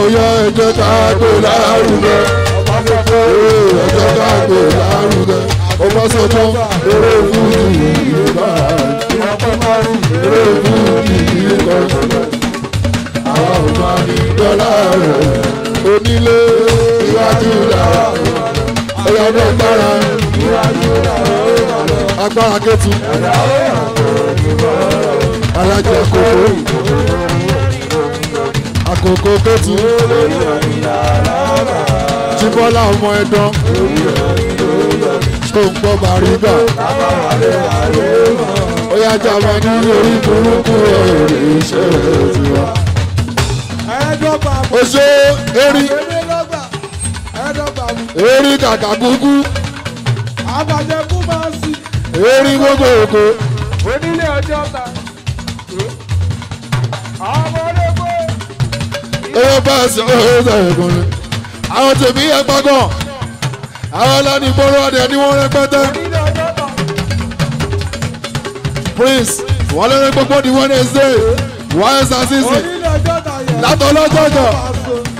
òye ẹjọ́ tá a gbé lárugẹ. ẹjọ́ tá a gbé lárugẹ. ọba sọ̀tọ̀ eré fújì yìí bá eré fújì yìí bá àwọn ọba ní dọ́là rẹ̀ onílé iwájú làwà ọlọ́dún agbára agbára kẹ́tù alájà kòkó àkókò tó ti. olórí orin lára bá. tí bọ́lá ọmọ ẹ̀dán. olórí orin ló yọ mí. tó ń gbọ́ bàrígà. bàbá wà lè wà lè mọ̀. ó yá jàmbá ní orí burúkú èrè iṣẹ́ tiwa. oṣó eri eri kàkà kúkú. àbàjẹ́ kú máa sì. eri gbogbo èkó. onílé ọjọ́ ta owó báàsì owó sàrẹ̀kùn ni àwọn tèmi yẹ gbọ́gàn àwọn ọlọ́ni gbọ́rọ̀ ọ̀dẹ ni wọ́n rẹpẹtẹ prince wọ́n lórí gbogbo di wednesday wọ́n ẹ̀sà sísì látọlọ́jọ́jọ́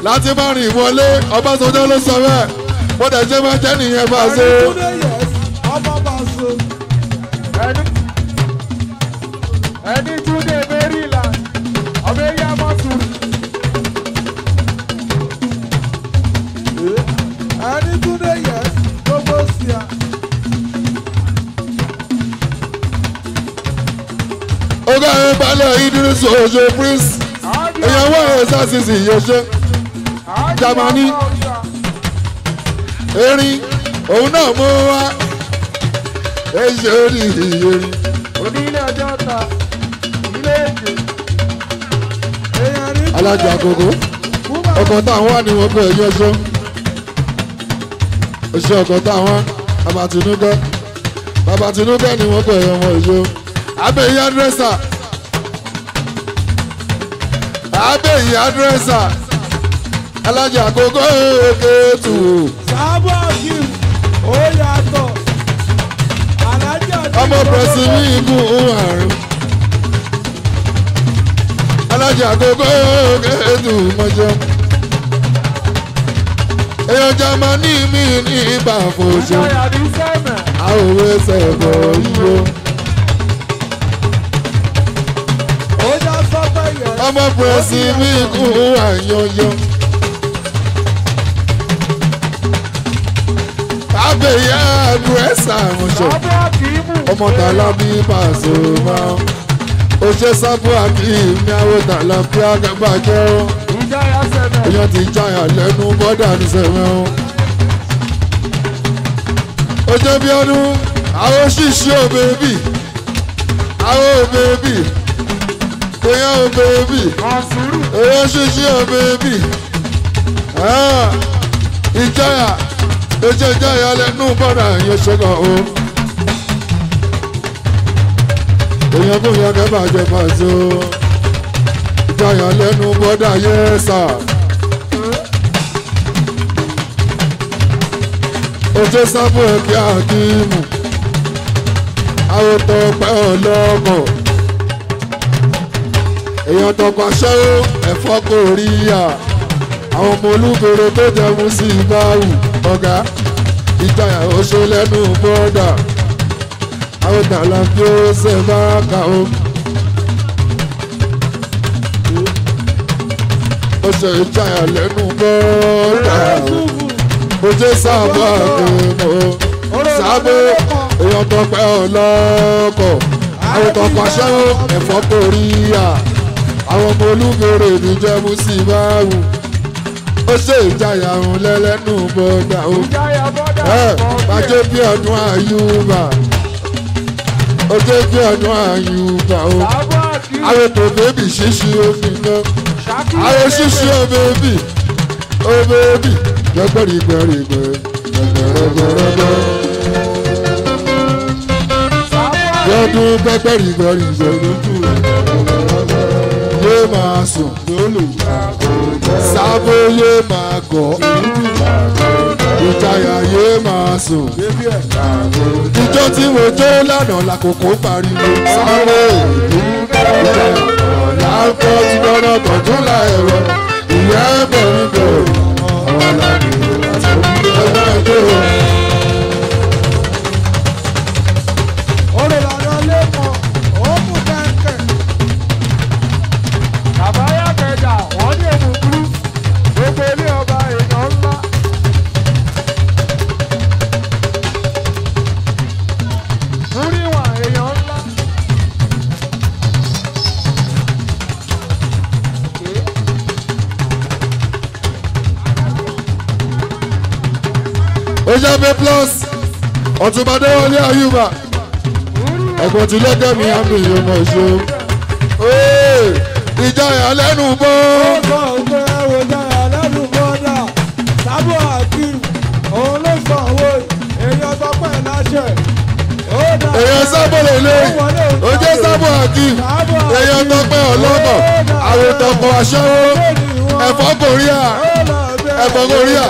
láti má rìn wọlé ọbásanjọ́ ló sọ bẹ́ẹ̀ mo dẹ̀ jẹ́ máa jẹ́ nìyẹn bá a ṣe. jésù prince ìyàwó ẹ̀sà sísì yọṣẹ́ jamani erin òun náà mú wa èyí orí ìyẹrin. onílé ọjọ́ ta onílé èdè èèyàn rí. alájà àkókò ọkọ̀ táwọn wà ní wọn pé ẹ̀yọ́ ṣọ́ òṣìṣẹ́ ọkọ̀ táwọn abatinúkẹ́ babatinúkẹ́ ni wọ́n pè é ọmọ ìṣó abẹ́yẹ dírẹ́sà. Adéyí Adrẹ́sà alájà kókó èké tù. Sábà kìí ó yàtọ̀ alájà tí ọmọ pẹ̀sì ní ikú àrùn. alájà kókó èké tù mọ́jọ́. èèyàn Jámánì mi ní ibà fòṣù. àwòrán ẹsẹ̀ bọ̀ yíyó. ọmọ pẹ̀sì mi kú àyọyọ. tábìyà ẹnu ẹ sàmùjọ ọmọ Dàlámì Pasuma ó ṣe sábú àbí mi àwọn Dàlámì àgàbàjẹ́ o èèyàn ti jáyà lẹ́nu bọ́dà ní sẹ́wẹ́ o. ó jẹ́ bí ọdún àwọn ṣíṣe ò bèbí àwọn ò bèbí bóyá o bèbí èrè ṣíṣí o bèbí ìjọyà ètò ìjọyà lẹnu bọ́dà yẹn ṣẹ́gun o. èèyàn kò yàn kẹ́ bàjẹ́ pàṣẹ o ìjọyà lẹnu bọ́dà yẹn sà. ojú sábò ẹ̀kí àkíìmù àwòtọ́ pẹ́ ọlọ́kọ̀ọ́ èèyàn tọkàn ṣẹ́wó ẹ̀fọ́ kò rí yà àwọn ọmọ olúkoro tó jẹun sí ìbáwù ọ̀gá ìjayà oṣó lẹ́nu bọ́ọ̀dà àwọn dàlà kí ó ṣe bá kà ó. ó ṣe ìjayà lẹ́nu bọ́ọ̀dà ó jẹ́ sábà kò mọ́ èèyàn tọpẹ́ ọlọ́kọ̀ àwọn tọpẹ́ ṣẹ́wó ẹ̀fọ́ kò rí yà àwọn ọmọ olúkèrè níjẹ̀bú sì máa wù ó ṣe ìjayà òun lẹ́lẹ́nu bọ́dà ó bàjẹ́ bí ọdún àyùbá ó jẹ́ bí ọdún àyùbá ó àrètò bébì ṣíṣí òfin náà àrè ṣíṣí ó bébì ó bébì gbẹgbẹrìgbẹrìgbẹ gbẹgbẹrẹgbẹrẹgbẹ. Yọdún gbẹgbẹrìgbẹrìgbẹ sábòye máa sùn lólè sábòye máa gọ̀ ìjayà yé máa sùn ìjọ tí mo jó lánàá làkòkò pariwo sáré ìjayà láńkọ́ tí lọ́nà tọ̀tún láẹ̀rọ ìyá ẹ̀bọ̀ nígbà but you mi them hear me you must show. ìjayà lẹ́nu bọ́. ọkọ̀ ọ̀gbẹ́ ẹ̀wọ̀ ìjayà lẹ́nu bọ́ dà sábò àkìrù òun ló sọ òwe èèyàn sọ pé láṣẹ. èèyàn sábò lélẹ̀ ojú sábò àkìrù èèyàn tọpẹ́ ọlọ́mọ àwòtọ́ fún aṣọ ẹ̀fọ́ kòríà ẹ̀fọ́ kòríà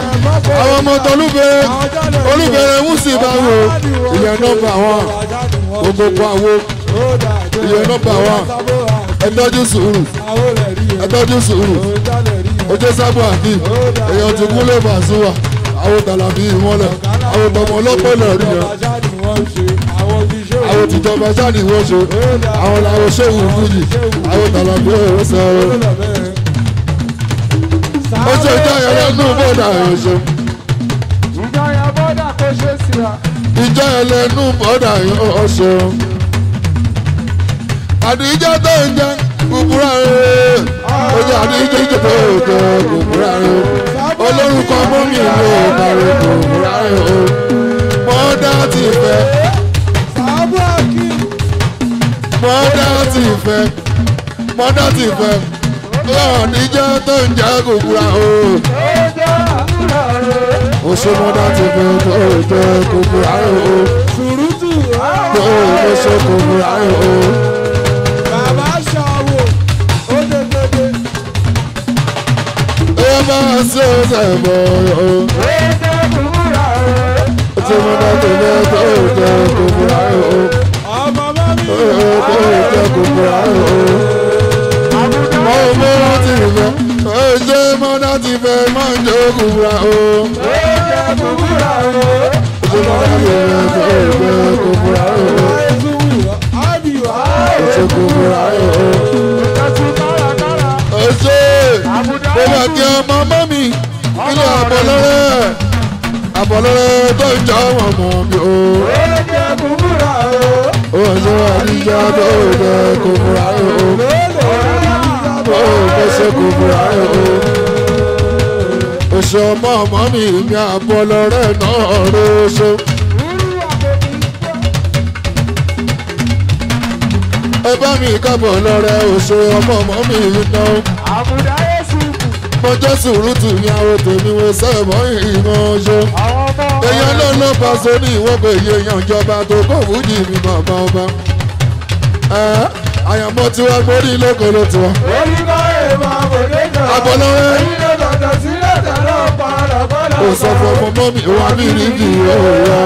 àwọn ọmọ tọlúfẹ̀ẹ́ olúfẹ̀ẹ́ wùsì bá wò ìyẹn nọ́mbà wọn gbogbo àwo iye nọ́mbà wa ẹ tọ́jú sùúrù ẹ tọ́jú sùúrù ojú sábà àbí èèyàn ti kú lè bàzú wa àwọn tàlàbí ìmọ̀lẹ̀ àwọn tọmọ ọlọ́pẹ̀lẹ̀ rí rẹ àwọn tìjọba jáde wọ́n ṣe àwọn làwọn ṣéwù fújì àwọn tàlàbí ọ̀rọ̀ sẹ́wọ̀n ó ṣe jẹ́ ẹ̀rọ inú bọ́ọ̀dà ẹ̀ṣẹ̀. ìjọ ẹlẹ́nu bọ́dà yọ ọ̀ṣọ́. àdìjọ́ tó ń jẹ́ kúkúrà rẹ̀ ojú àdìjọ́ ìjọba òjò kúkúrà rẹ̀ olórúkọ mọ́mí ìlú ìbàrẹ̀ kúkúrà rẹ̀ o mọ́dà ti fẹ́. mọ́dà ti fẹ́ mọ́dà ti fẹ́ ọ̀ọ́dìjọ́ tó ń jẹ́ kúkúrà o òṣèmọdá ti fi ojú tó kòkò àrùn o. sùrùtù àrùn o. mo ṣe kòkò àrùn o. bàbá ṣàwò o dédédé. ó máa ṣe ọ̀sẹ̀ mọ́ o. ètò kúkúrà o. òṣèmọdá ti fi ojú tó kòkò àrùn o. ọmọ bá mi. ó kò tó kòkò àrùn o ọmọ ilé láti fẹ́ oṣù mọ́ láti fẹ́ máa ń jó kúra o. oṣù kúra o. oṣù mọ́ láti fẹ́ oṣù kúra o. oṣù kúra o. oṣù bọ́lá kí ọmọ mọ́ mi ilé àbọ̀lọ́rẹ́ àbọ̀lọ́rẹ́ tó ń jọ wọn mọ̀ mi o. oṣù kúra o. oṣù àdìjọ́ tó ń jẹ́ kúra o kò fura ẹ̀ o. Èso ọmọ ọmọ mi ìmí àbọ̀lọ́rẹ́ náà rẹ̀ oṣù. Ẹ bá mi kábọ̀ mi iná. Mo jẹ́ sùúrùtù ní àwọn tèmi wo sẹ́ẹ̀mọ́ ìwọ́pẹ̀ èèyàn ìjọba tó kọ̀ fújì mi bàbá ọba. Àyànmọ́ tiwa gbórí lóko ló abọ́lọ́wẹ́ kò sọ fún ọmọ mọ́ mi wà ní ìrìndì ọ̀yà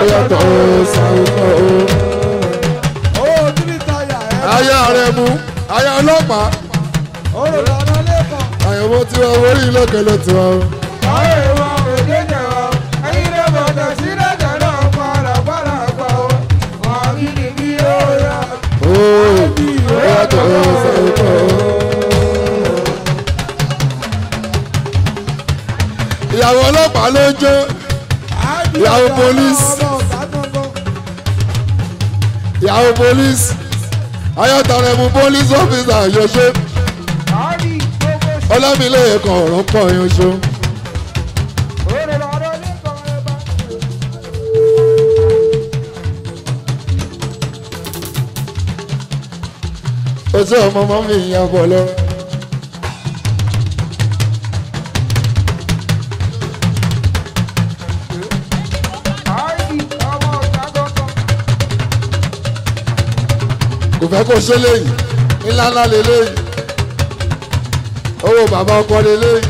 ó yàtọ̀ ó sàrùkọ̀ ó. aya rẹ mu aya ọlọ́pàá àyẹ̀wò tiwa orí ìlọ́kẹ̀lẹ̀ tiwa o. police ìyàwó police ayọ̀tàrẹ̀ mu police officer yọṣẹ́ ọlọ́mìlẹ́yẹ kan ọ̀rọ̀ pọ̀ yọṣẹ́. ojú ọmọ mọ́mí ìyàbọ̀ lọ́wọ́. fẹ́ kó ṣe léyìí ńlá ńlá lè léyìí owó bàbá ọkọ lè léyìí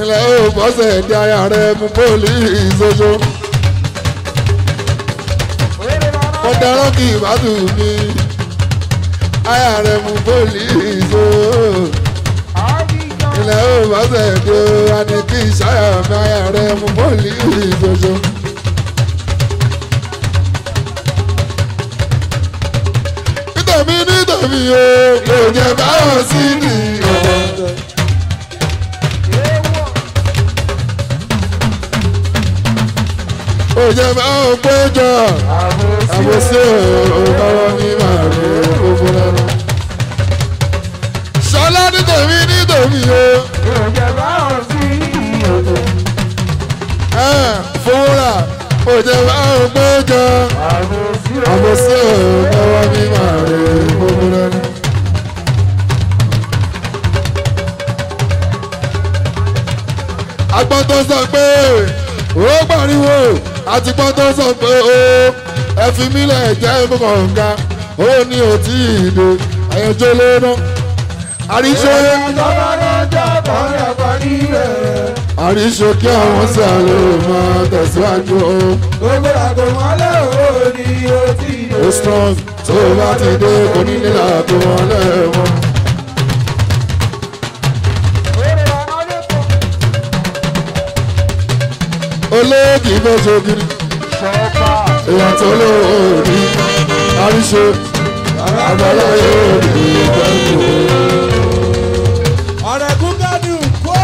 ilẹ̀ ó bọ́sẹ̀ di ara rẹ̀ mú bóòlì ìṣoṣo. mo dẹrán kí ìbádùn mi aya rẹ̀ mú bóòlì ìṣoṣo ilẹ̀ ó bọ́sẹ̀ di ara ní kí ìṣayà mi aya rẹ̀ mú bóòlì ìṣoṣo. mi o kò jẹ́ báwọn sí ni ọ̀wọ́. kò jẹ́ báwọn péjọ àbòsí ọ̀rọ̀ mi máa rí owó lẹ́nu. sọlá nítorí nítorí o. kò jẹ́ báwọn sí ni ọ̀wọ́. ẹ fowó rà kò jẹ́ báwọn péjọ àbòsí ọ̀rọ̀ mi máa rí. agbọ́n tó sọ pé ó pariwo àti gbọ́n tó sọ pé ó ẹ fi mílẹ̀ jẹ́ kọ̀ọ̀ǹga ó ní òtí ìdè àyànjọ́ lóná. àríṣẹ́ àríṣẹ́ kí àwọn sàlẹ̀ máa tẹ̀síwájú o. gbogbo àgọ́ wọn lẹ́ òní òtí ìdè. ó strong tó bá ti dé kò ní nílà àgọ́ wọn lẹ́ wọn. olóògì mẹ́sọ̀gìrì èèyàn tó lóòrì àríṣe àgbàláyé òbí ìgbàlódé. ọ̀rẹ́kùn gádùn kó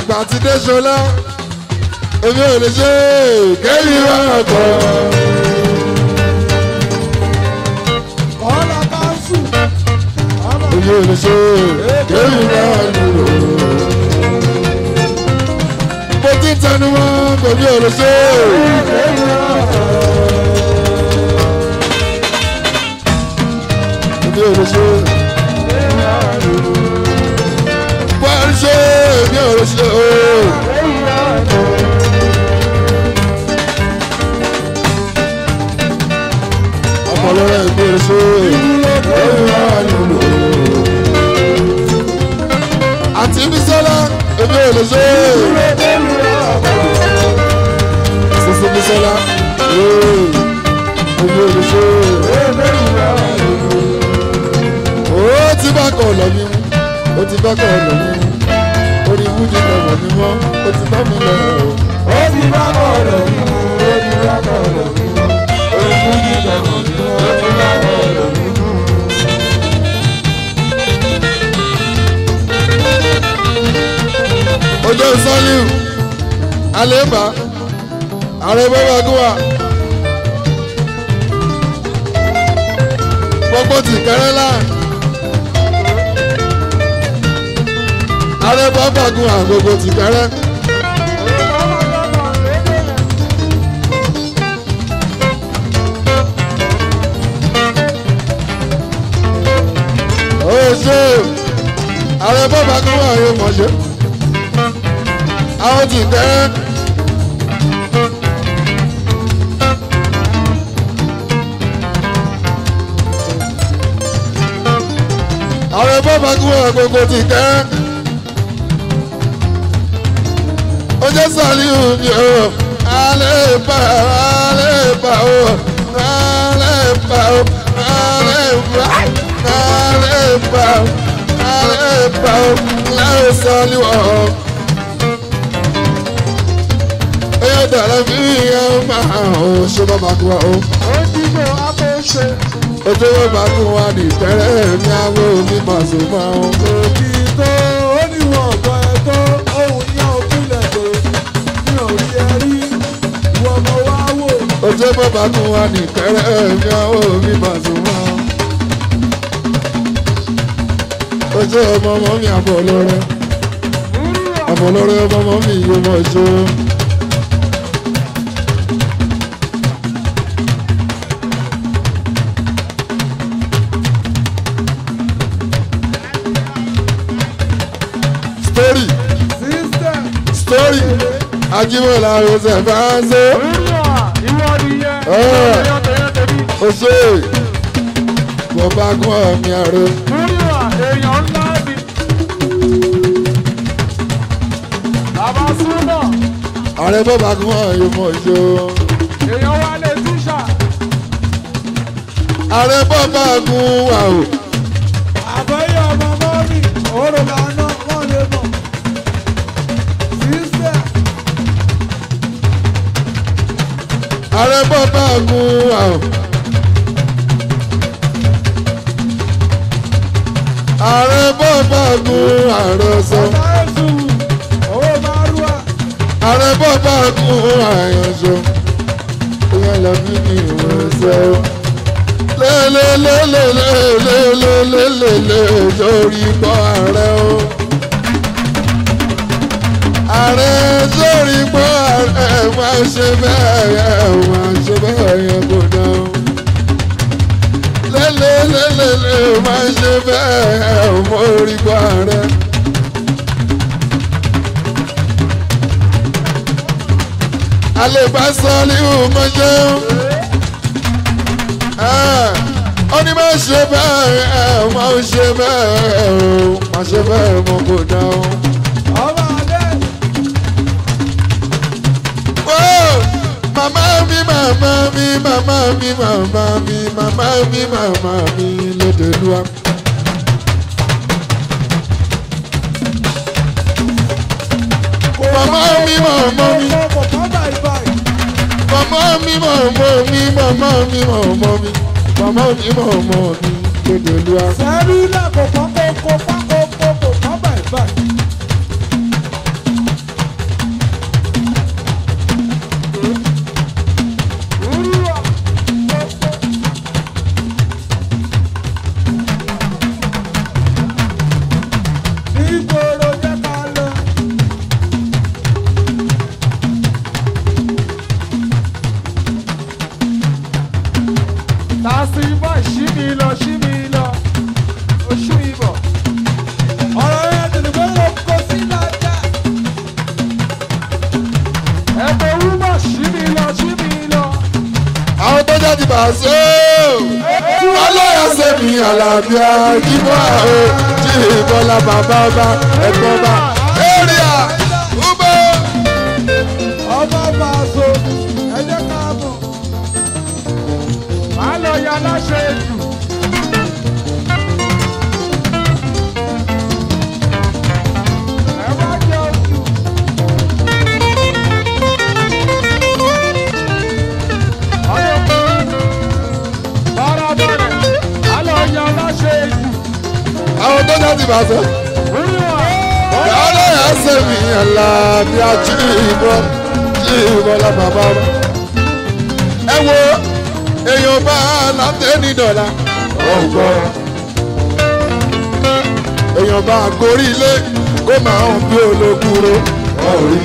àgbà ti dé ṣọlá èmi ò lè ṣe kéyìí wà ọ̀la ká sùn. èmi ò lè ṣe kéyìí wà mo ti ń tẹnu mọ́ kò ò lè ṣe kéyìí wà èso olúwa nùnú. àti bisola èmi ò lè ṣe. sísè bisola èmi ò lè ṣe. ó ti bá kọ̀ ọ̀nà mi mú ó ti bá kọ̀ ọ̀nà mi mú orí wújú lọ́nà mi mọ́ ó ti bá mi lọ́nà o. ó ti bá kọ̀ ọ̀nà mi mú ó ti bá kọ̀ ọ̀nà mi mọ́ orí wújú lọ́nà mi mọ́. Ondo Saliu Aleba Arebe Baguwa gbogbo ti kẹrẹ́lá Arebe Baguwa gbogbo ti kẹrẹ́. Oye ṣe Arebe Baguwa yóò mọ̀ ṣe àwọn ti tẹ́. ààrẹ bàbá kí wọ́n gbogbo ti tẹ́. ó jẹ́ sàlíù ni o alẹ́ bá alẹ́ bá o alẹ́ bá o alẹ́ bá alẹ́ bá dàrá bí ẹ máa ò ṣe bá máa kú wa o. ó dìbò abóṣe. ojú ó máa kú wa ní tẹ́rẹ́ mi àwọn omi máa sùn máa o. òbí tó ó níwọ̀n ọ̀gá ẹ tó òun yẹn òkúlẹ̀ tó mi ò rí ẹ rí ìwọ wò. ojú ó máa kú wa ní tẹ́rẹ́ mi àwọn omi máa sùn máa o. ojú ọmọ ọmọ mi àbọ̀ lọ́rẹ́ àbọ̀ lọ́rẹ́ ọmọ ọmọ mi yóò mọ̀ ṣó. story story Ajíbọ́lá rose fanzo. ọṣẹ kò bá gún ọmọ ẹrọ. are, ńlá ni. bàbá súnmọ́. ààrẹ bó bá gún ọyọ mọ ìṣó. èèyàn wà lè túṣà. ààrẹ bó bá gún wa o. ààrẹ bọ́bá gun àrùn. ààrẹ bọ́bá gun àròsọ. ààrẹ bọ́bá gun àyànjọ. ìyá làbí ni ìwọ sọ. lélelélelélelélelé lórí ikọ̀ ààrẹ o ààrẹ sórí pọ́ ààrẹ máa ṣe bẹ́ẹ̀ máa ṣe bẹ́ẹ̀ kò náà. lélẹ́lẹ́lẹ́lẹ́ máa ṣe bẹ́ẹ̀ mọ́ orí pọ́ ààrẹ. alẹ́ bá sọ ní ìhùmọ̀ jẹun. ó ní má ṣe bẹ́ẹ̀ má ṣe bẹ́ẹ̀ má ṣe bẹ́ẹ̀ mọ́ kò náà. màmá mi màmá mi màmá mi màmá mi màmá mi lódòdúwà. màmá mi màmá mi màmá mi màmá mi màmá mi màmá mi màmá mi màmá mi lódòdúwà. sẹ́rí làkòkò kò kò fákòkò kò kò báyìí báyìí. Àlàbí Àjíbọ̀ o tí ìbọ̀lá bàbá bá ẹ̀gbọ́n bá. àwọn tó jáde bá sọ. Yàrá ẹsẹ̀ mi ẹ̀la ni a jí ìbọn jí ìbọn la bá wọn. Ẹ wo èèyàn bá látẹ́ni dọ̀la ọ̀gbọ́n. Èèyàn bá gorí ilé kó máa ń bí olókùúrò ọ̀rí.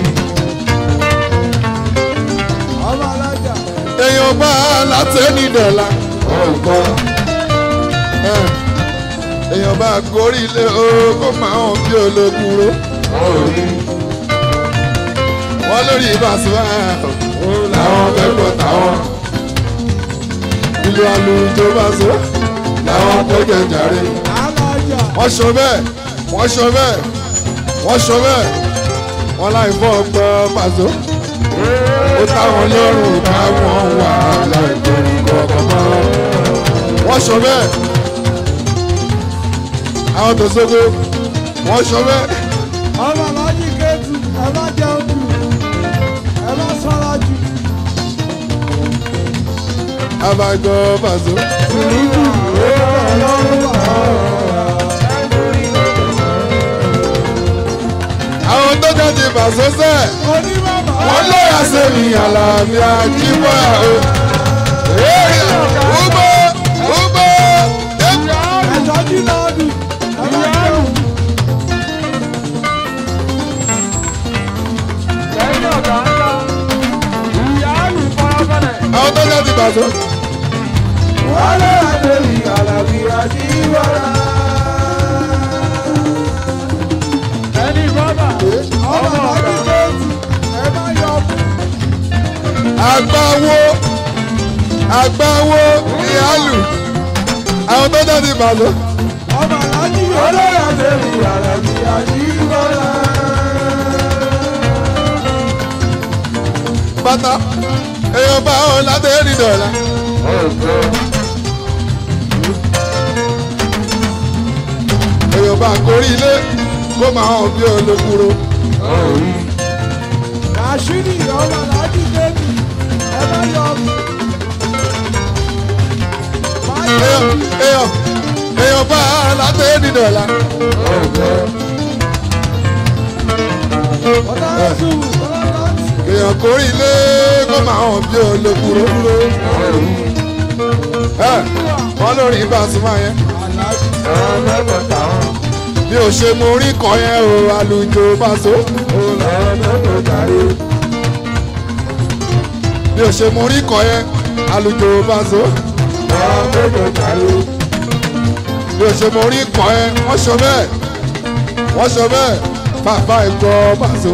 Èèyàn bá látẹ́ni dọ̀la ọ̀gbọ́n èèyàn bá gorí ilé o kó máa hàn bí ológun ró. wọ́n lórí ìbáṣubá làwọn fẹ́ gbọ́ táwọn. ìlú alùjọ bá so làwọn fẹ́ jẹjàre. wọ́n sọ bẹ́ẹ̀ wọ́n sọ bẹ́ẹ̀ wọ́n sọ bẹ́ẹ̀ wọ́n láì fọ́ gbọ́ pàṣọ. ó táwọn lọ́rùn káwọn wà láì tó nǹkan kan mọ́. wọ́n sọ bẹ́ẹ̀ àwọn tó sóko wọ́n ṣọwẹ́. ọmọ alájí kẹ́tù ẹ má jẹ ojú ẹ má sọ́ra jù. abájọ fàṣọ. sùúrù ó lọ́wọ́ àwọn tó jáde fàṣọ sẹ́ wọ́n lọ́ra sẹ́mi àlàáfíà jíwá o. Ubo! Ubo! Ẹ̀jọ̀ jìnnà. ló ti bàtọ. wọlé àdéhì àlàbí àti ìwọra. ẹni bọ́bà ọmọ ọ̀gá. àgbáwo àgbáwo ìhálù àwọn tó jáde ìbàdàn. ọmọ aláàjì wọlé àdéhì àlàbí àti ìwọra. bàtà èèyàn bá ọ la. dọ̀la. èèyàn bá gorí ilé kó máa hàn bí o àṣírí ọ̀rọ̀ láti débi ẹ bá yọ mi. eyo ba la de lábẹ́rì dọ̀la. ọ̀tá ẹ̀sùn ọ̀tá ẹ̀sùn. èèyàn gorí ilé kó máa hàn bí olókùrò kúrò. wọ́n lórí Pasuma yẹn. bí o ṣe mú orí kan yẹn o àlùjọ Paso. bí o ṣe mú orí kan yẹn àlùjọ Paso. bí o ṣe mú orí kan yẹn wọ́n ṣọ bẹ́ẹ̀ wọ́n ṣọ bẹ́ẹ̀ bàbá ẹ̀kọ́ Paso.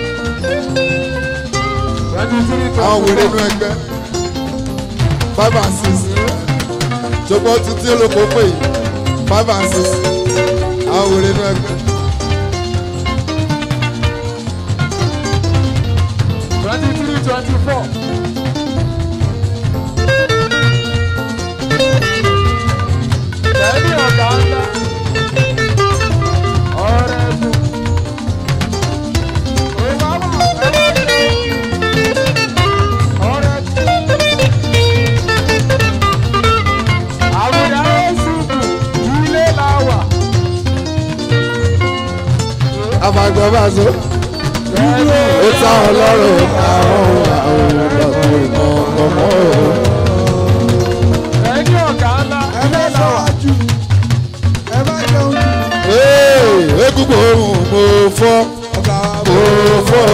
àwọn wèrè ẹgbẹ́ five and six ṣùgbọ́n títí olóko pè yí five and six àwọn wèrè inú ẹgbẹ́. twenty three twenty four. àmàgbọ́n bá so. ó ta ọlọ́run àwọn àwọn ọ̀dọ́ ìmọ̀ ọ̀mọ́. ẹni ọ̀gá ńlá ẹ bá sọ wájú ẹ bá jẹun. egungun ohun mo fọ́ mo fọ́ o.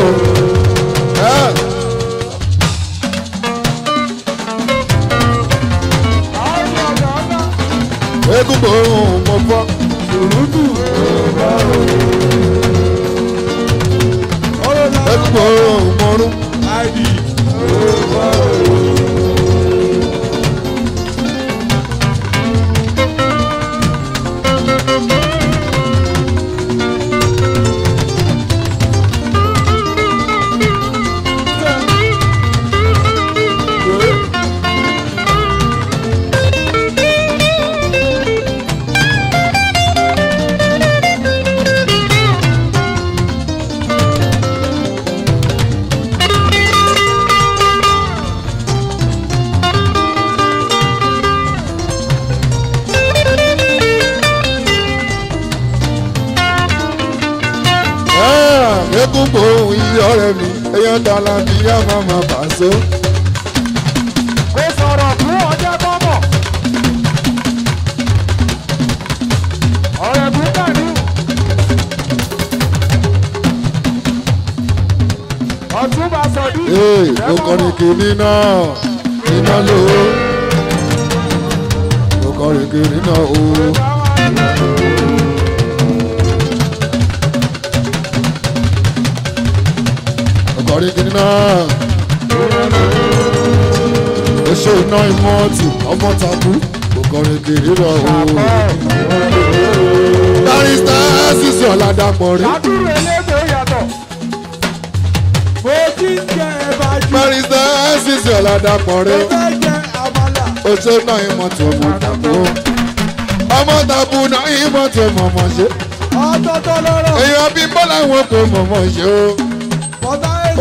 egungun mo fọ́. Sùúrù dùn mo mọ̀rún. id mo Alábí Mama Paso. ó sọ̀rọ̀ fún ọjọ́ tó mọ̀. ọ̀rẹ́ fún kàdí. ọ̀túnba sọ̀dí. ee mo kọrin kìíní náà iná lò ó mo kọrin kìíní náà ó. ọ̀rẹ́ kìíní náà. ó ṣe iná ìmọ̀ọ́tì ọmọ takú kò kọrin kiri lọ o. barista sisi ọ̀làdàpọ̀ rí. ládùúrú eléèbó yàtọ̀. mo ti jẹ ìbàjẹ́. barista sisi ọ̀làdàpọ̀ rí. mo fẹ́ jẹ àmàlà. ó ṣe iná ìmọ̀ọ́tì ọmọ takú. ọmọ takú náà ìmọ̀ọ́tì ọmọ ọmọ ṣe. ọ̀tọ̀ọ̀tọ̀ lọ́rọ̀. èèyàn bíi bọ́lá wọn kò mọ̀ọ́mọ̀ ṣe o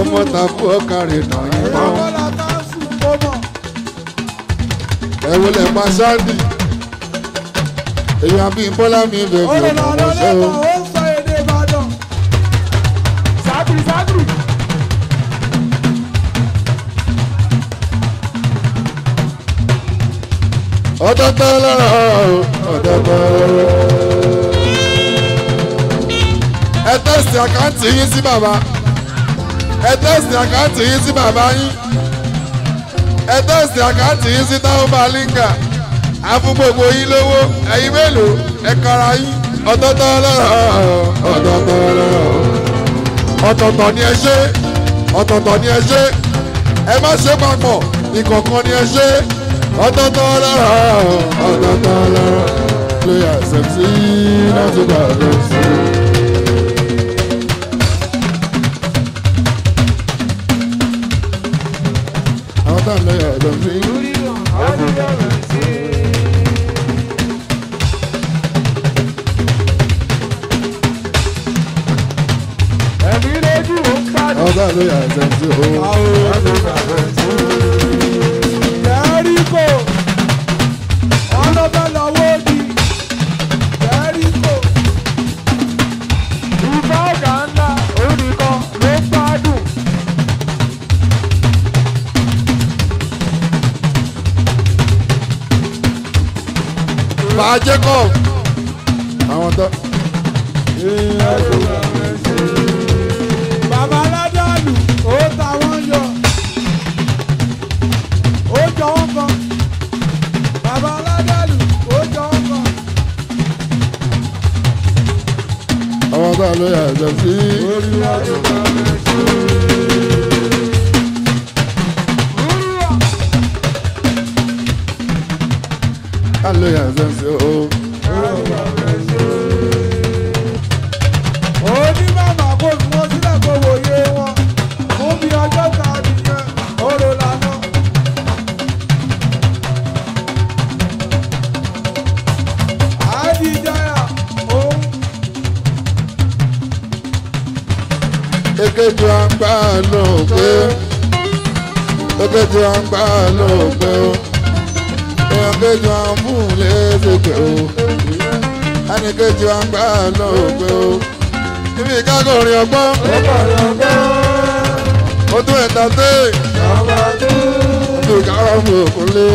ọmọ ta ọkàrẹ̀ náà yìí mọ́. ẹ wo lẹ pa sandy èyí àbí bọ́lá mi bẹ̀ fi ọmọ wọn ṣe o. ọ̀dọ́tọ́ lọ́rọ̀ ọ̀dọ́tọ́ lọ́rọ̀ ẹ tẹ̀sí àkáǹtì yín sí bàbá ẹ tẹ́sì àkáǹtì yìí sí bàbá yín ẹ tẹ́sì àkáǹtì yìí sí táwọn balinka àfúgbogbo yín lówó ẹ̀yin mélòó ẹ kara yín ọ̀tọ̀ọ̀tọ̀ ọlọ́rọ̀ ọ̀tọ̀ọ̀tọ̀ ọlọ́rọ̀ ọ̀tọ̀ọ̀tọ̀ ni ẹ ṣe ọ̀tọ̀ọ̀tọ̀ ni ẹ ṣe ẹ má ṣe papọ̀ ìkọ̀kan ni ẹ ṣe ọ̀tọ̀ọ̀tọ̀ ọlọ́rọ̀ ọ̀tọ̀ọ̀tọ̀ ọlọ́rọ̀ lóyè àṣẹ tí láti gbàgbọ́ sí i. Hallelujah. thank you, go. ló yà sẹ́sẹ́ o. òní màmá kò fi wọn sílẹ̀ kó wòye wọn fún mi ọjọ́ tàbí yẹn oró lànà. àdìjáyà òun. èkejì àgbà náà pé èkejì àgbà náà pé o èkejì àbú lókè o ẹnì kejì wa ń gbà lóògbé o ibi ìkágò rìn ọgbọ́n ó tún ẹ̀ta tẹ́ ó tún ìkárọ̀ ọmọ òkúlé.